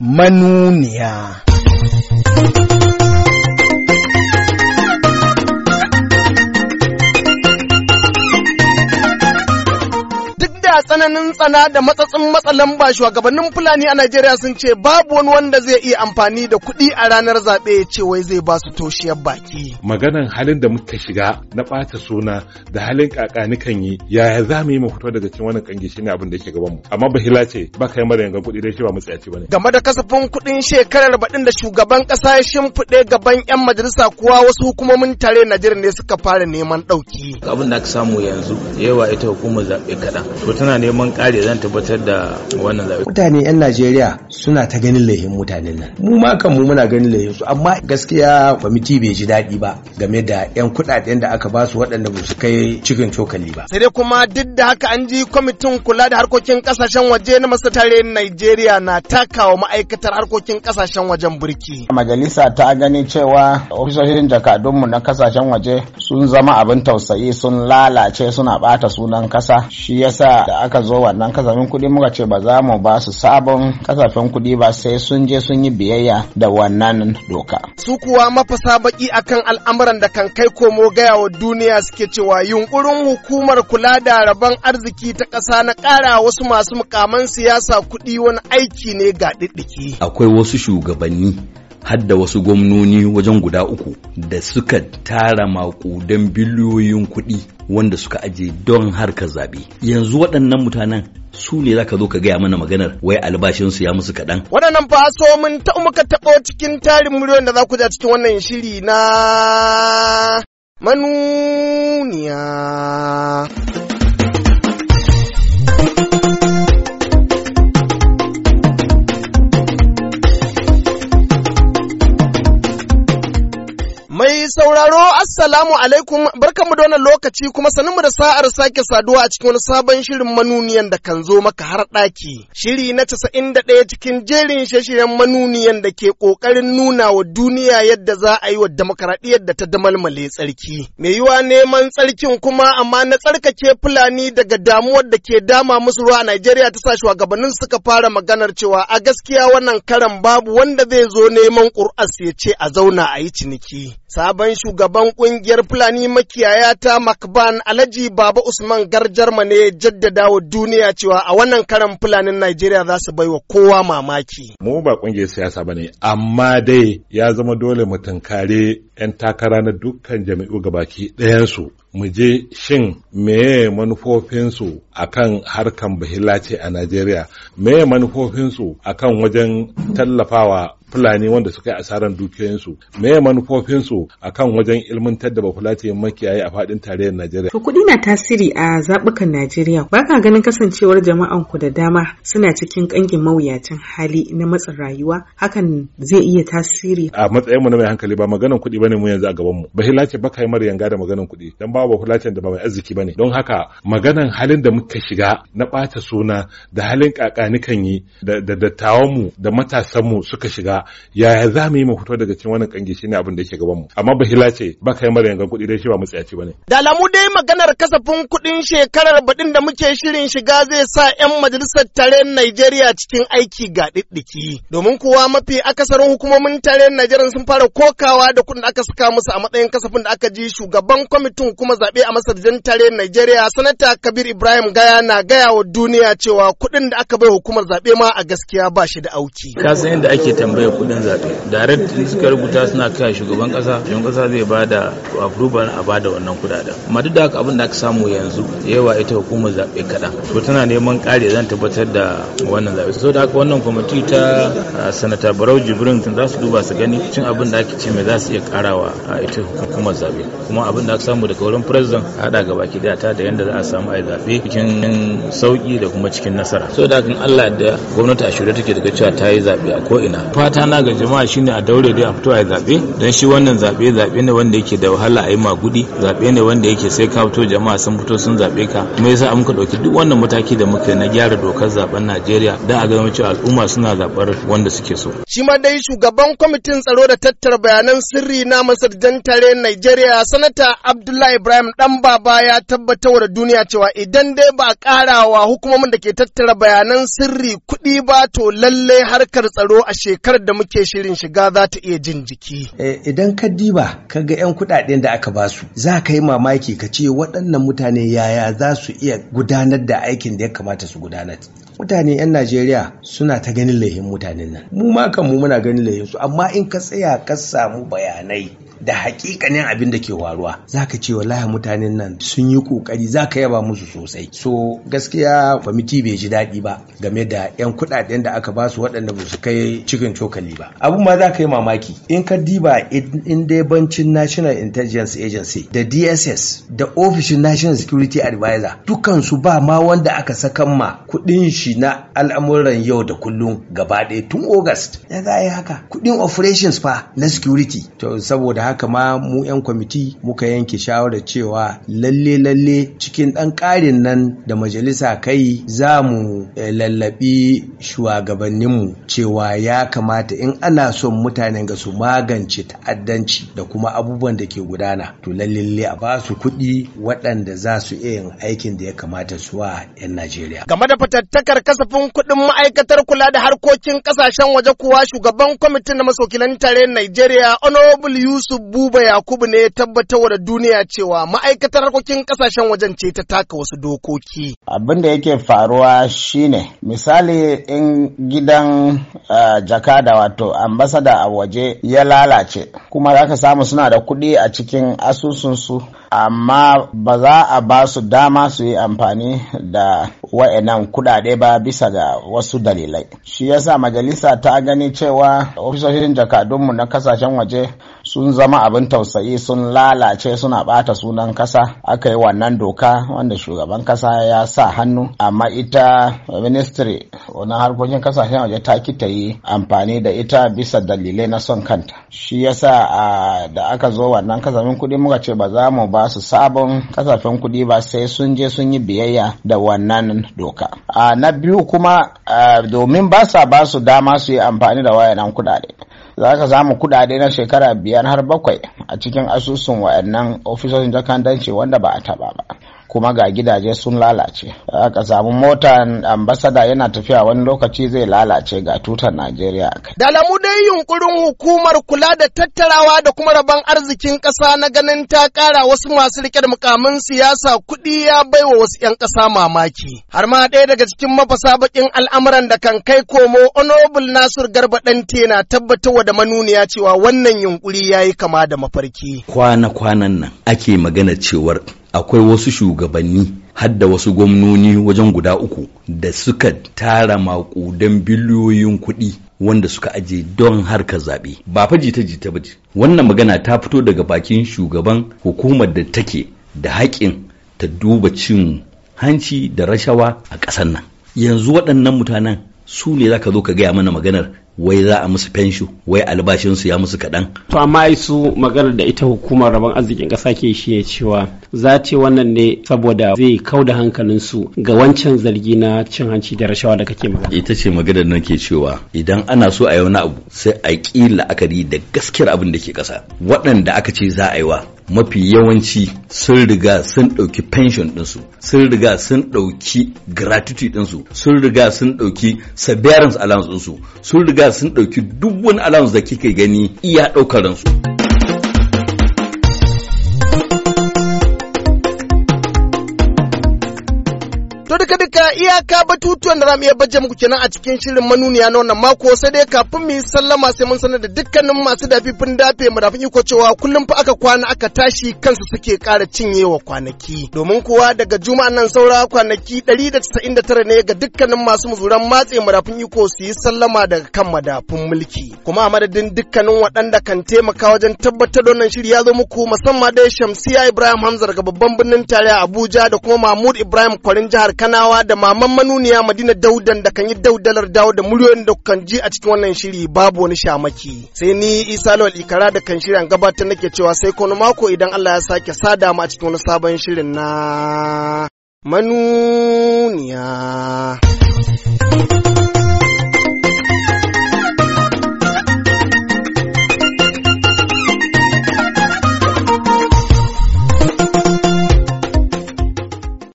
manuniya. da tsananin tsana da matsatsin matsalan ba shugabannin Fulani a Najeriya sun ce babu wani wanda zai iya amfani da kuɗi a ranar zaɓe ya ce wai zai ba su toshiyar baki. Maganan halin da muka shiga na ɓata suna da halin kakani kan yi yaya za mu yi mu fito daga cikin wannan kangi shine abin da yake gaban mu amma bahila ce ba kai mara yankan kuɗi dai shi ba mu ba bane. Game da kasafin kuɗin shekarar baɗin da shugaban ƙasa ya shimfiɗe gaban 'yan majalisa kuwa wasu hukumomin tare Najeriya ne suka fara neman ɗauki. Abin da aka samu yanzu yawa ita hukumar zaɓe kaɗan. suna neman kare zan tabbatar da wannan zaɓe. Mutane 'yan Najeriya suna ta ganin laihin mutanen nan. Mu ma kanmu muna ganin laifin su amma gaskiya kwamiti bai ji daɗi ba game da 'yan kuɗaɗen da aka basu waɗanda ba su kai cikin cokali ba. Sai dai kuma duk da haka an ji kwamitin kula da harkokin kasashen waje na masu tare Najeriya na takawa ma'aikatar harkokin kasashen wajen burki. Majalisa ta gani cewa ofisoshin jakadunmu na kasashen waje sun zama abin tausayi sun lalace suna bata sunan kasa shi yasa da aka zo wannan kasafin kuɗi muka ce ba za mu ba su sabon kasafin kuɗi ba sai sun je sun yi biyayya da wannan doka. Su kuwa mafasa baki akan al'amuran da kan kai komo gaya wa duniya suke cewa yunkurin hukumar kula da rabon arziki ta ƙasa na ƙara wasu masu mukaman siyasa kuɗi wani aiki ne ga ɗiɗɗiki. Akwai wasu shugabanni hadda wasu gwamnoni wajen guda uku da suka tara makudan biliyoyin kuɗi wanda suka aje don harkar zaɓe yanzu waɗannan mutanen su ne zaka zo ka gaya mana maganar wai albashinsu ya musu kaɗan. Waɗannan fa so mun ta muka taɓo cikin tarin miliyoyin da za ku ja cikin wannan shiri na manuniya. sauraro assalamu alaikum barkanmu da wannan lokaci kuma sanin mu da sa'ar sake saduwa a cikin wani sabon shirin manuniyan da kan zo maka har ɗaki. Shiri na casa'in da cikin jerin shashiren manuniyan da ke kokarin nuna wa duniya yadda za a yi wa demokaradiyyar da ta damalmale tsarki. me yiwa neman tsarkin kuma amma na tsarkake Fulani daga damuwar da ke dama musu ruwa a Najeriya ta sa shugabannin suka fara maganar cewa a gaskiya wannan karan babu wanda zai zo neman ƙur'as ya ce a zauna a yi ciniki. sabon shugaban kungiyar Fulani makiyaya ta Makban Alhaji Baba Usman Garjarma ne jaddada wa duniya cewa a wannan karan Fulanin Najeriya za su baiwa kowa mamaki. Mu ba kungiyar siyasa ba ne, amma dai ya zama dole mu tunkare 'yan takara na dukkan jami'u gabaki ɗayansu mu je shin meye manufofinsu akan harkan bahilace a Najeriya meye manufofinsu akan wajen tallafawa fulani wanda suka yi asaran dukiyoyinsu me manufofinsu a kan wajen ilmantar da bafulatiyan makiyayi a faɗin tarayyar Najeriya. To kuɗi na tasiri a zaɓukan Najeriya ba ka ganin kasancewar jama'an ku da dama suna cikin ƙangin mawuyacin hali na matsin rayuwa hakan zai iya tasiri. A matsayin mu na mai hankali ba maganan kuɗi ba ne mu yanzu a gaban mu. Bahilace ba yi mara yanga da maganan kuɗi Don ba bahilacen da ba mai arziki ba ne. Don haka maganan halin da muka shiga na ɓata suna da halin kakanikan yi da dattawan mu da matasan mu suka shiga yaya za mu yi mu fito daga cikin wannan kange shine abin da yake gaban mu amma bahila ce ba kai mara yankan kuɗi dai shi ba matsayaci bane da alamu dai maganar kasafin kuɗin shekarar baɗin da muke shirin shiga zai sa 'yan majalisar tare Najeriya cikin aiki ga diddiki. domin kuwa mafi akasarin hukumomin tare Najeriya sun fara kokawa da kuɗin da aka saka musu a matsayin kasafin da aka ji shugaban kwamitin kuma zaɓe a jan tare Najeriya sanata Kabir Ibrahim Gaya na gaya wa duniya cewa kuɗin da aka bai hukumar zaɓe ma a gaskiya ba shi da auki. Ka san yadda ake tambaya kudin zaɓe direct suka rubuta suna kai shugaban kasa shugaban kasa zai ba da approval a ba da wannan kudaden amma duk da haka abin da aka samu yanzu yawa ita hukumar zaɓe kaɗan to tana neman ƙari zan tabbatar da wannan zaɓe so da haka wannan kwamiti ta sanata barau jibrin za su duba su gani cin abin da ake ce mai za su iya karawa a ita hukumar zaɓe kuma abin da aka samu daga wurin president haɗa gaba ki da ta da yadda za a samu a zaɓe cikin sauki da kuma cikin nasara so da haka Allah da gwamnati a shirye take daga cewa ta yi zaɓe a ko ina fata na ga jama'a shine a daure dai a fito a zaɓe don shi wannan zaɓe zaɓe ne wanda yake da wahala a yi magudi zaɓe ne wanda yake sai ka fito jama'a sun fito sun zabe ka kuma yasa muka dauki duk wannan mataki da muka na gyara dokar zaben Najeriya don a ganin cewa al'umma suna zabar wanda suke so. Shi ma dai shugaban kwamitin tsaro da tattara bayanan sirri na masarjan tare Najeriya sanata Abdullahi Ibrahim dan baba ya tabbata da duniya cewa idan dai ba ƙara wa hukumomin da ke tattara bayanan sirri kuɗi ba to lalle harkar tsaro a shekarar yadda muke shirin shiga za ta iya jin jiki. Eh, idan ka diba ka ga 'yan kuɗaɗen da aka basu za ka yi mamaki ka ce waɗannan mutane yaya za su iya gudanar da aikin da ya kamata su gudanar. Mutane 'yan Najeriya suna ta ganin laihin mutanen nan. Mu ma kan mu muna ganin laihin su amma in ka tsaya ka samu bayanai da hakikanin abin da ke waruwa zaka ce wallahi mutanen nan sun yi kokari zaka yaba musu sosai so gaskiya kwamiti bai ji daɗi ba game da yan kuɗaɗen da aka basu waɗanda ba su kai cikin cokali ba abun ma zaka yi mamaki in ka diba in dai bancin national intelligence agency da dss da ofishin national security advisor dukkan su ba ma wanda aka sakan ma kuɗin shi na al'amuran yau da kullum gaba ɗaya tun august ya za a yi haka kuɗin operations fa na security to saboda haka haka ma mu 'yan kwamiti muka yanke shawarar cewa lalle lalle cikin ɗan ƙarin nan da majalisa kai za mu eh, lallabi shugabanninmu cewa ya kamata in ana son mutane ga su magance ta'addanci da kuma abubuwan da ke gudana to lalle a ba su kuɗi waɗanda za su iya yin aikin da ya kamata su wa 'yan Najeriya. Game da fatattakar kasafin kuɗin ma'aikatar kula da harkokin ƙasashen waje kuwa shugaban kwamitin na masokilan tare Najeriya Honorable Yusuf Buba Yakubu ne ya tabbatar da duniya cewa ma'aikatar harkokin kasashen wajen ce ta taka wasu dokoki. Abin da yake faruwa shine misali in gidan da wato ambasada a waje ya lalace kuma zaka samu suna da kuɗi a cikin asusunsu. amma ba za a ba su dama su yi amfani da wa'annan kudade ba bisa ga wasu dalilai shi yasa majalisa ta gani cewa ofisoshin jakadunmu na kasashen waje sun zama abin tausayi sun lalace suna bata sunan kasa aka yi wannan doka wanda shugaban kasa ya sa hannu amma ita ministry na harkokin kasashen waje ta kita yi amfani da ita bisa dalilai na son kanta shi yasa da aka zo wannan kasamin kuɗi muka ce ba za mu ba su sabon kasafin kuɗi ba sai sun je sun yi biyayya da wannan doka a na biyu kuma domin ba sa ba su dama su yi amfani da wayannan kuɗaɗe za ka samu kuɗaɗe na shekara biyar har bakwai a cikin asusun wayannan ofisoshin jakandanci wanda ba a taɓa ba kuma ga gidaje sun lalace aka samu mota ambasada yana tafiya wani lokaci zai lalace ga tutar najeriya da lamu dai yunkurin hukumar kula da tattarawa da kuma rabon arzikin ƙasa na ganin ta ƙara wasu masu rike da mukamin siyasa kuɗi ya baiwa wasu 'yan ƙasa mamaki har ma ɗaya daga cikin mafasa baƙin al'amuran da kan kai komo honorable nasir garba ɗante na tabbatarwa da manuniya cewa wannan yunkuri ya yi kama da mafarki kwana kwanan nan ake magana cewar akwai wasu shugabanni hadda wasu gwamnoni wajen guda uku da suka tara makudan biliyoyin kuɗi wanda suka aje don harkar zaɓe ba fa jita jita ba wannan magana ta fito daga bakin shugaban hukumar da take da haƙƙin ta duba cin hanci da rashawa a ƙasar nan yanzu waɗannan mutanen su ne za ka zo ka gaya mana maganar wai za a musu fensho wai albashinsu ya musu kaɗan. to amma su maganar da ita hukumar rabon arzikin ƙasa ke shi ne cewa za ce wannan ne saboda zai kau da hankalinsu ga wancan zargi na cin hanci da rashawa da kake magana. ita ce maganar nan ke cewa idan ana so a yi wani abu sai a ƙi la'akari da gaskiyar abin da ke ƙasa waɗanda aka ce za a yi wa mafi yawanci sun riga sun ɗauki pension ɗinsu sun riga sun ɗauki gratitude ɗinsu sun riga sun ɗauki severance allowance ɗinsu sun riga sun ɗauki duk wani allowance da kika gani iya ɗaukaransu. duka-duka iyaka batutuwan da za mu iya baje muku kenan a cikin shirin manuniya na wannan mako sai dai kafin mu yi sallama sai mun sanar da dukkanin masu dafifin dafe mu dafin iko cewa kullum fa aka kwana aka tashi kansu suke ƙara cinyewa kwanaki domin kuwa daga juma'an nan saura kwanaki 199 ne ga dukkanin masu muzuran matse madafin iko su yi sallama daga kan madafin mulki kuma a madadin dukkanin waɗanda kan taimaka wajen tabbatar da wannan shiri ya zo muku musamman dai Shamsiya Ibrahim Hamza daga babban birnin tarayya Abuja da kuma Mahmud Ibrahim Kwarin jihar Kano Kanawa da Maman Manuniya Madina Daudan da kan yi daudalar dawo da muryoyin da kan ji a cikin wannan shiri babu wani shamaki. Sai ni Isa Lawal Ikara da kan shirin gabatar nake cewa sai kono mako idan Allah ya sake sada mu a cikin wani sabon shirin na manuniya.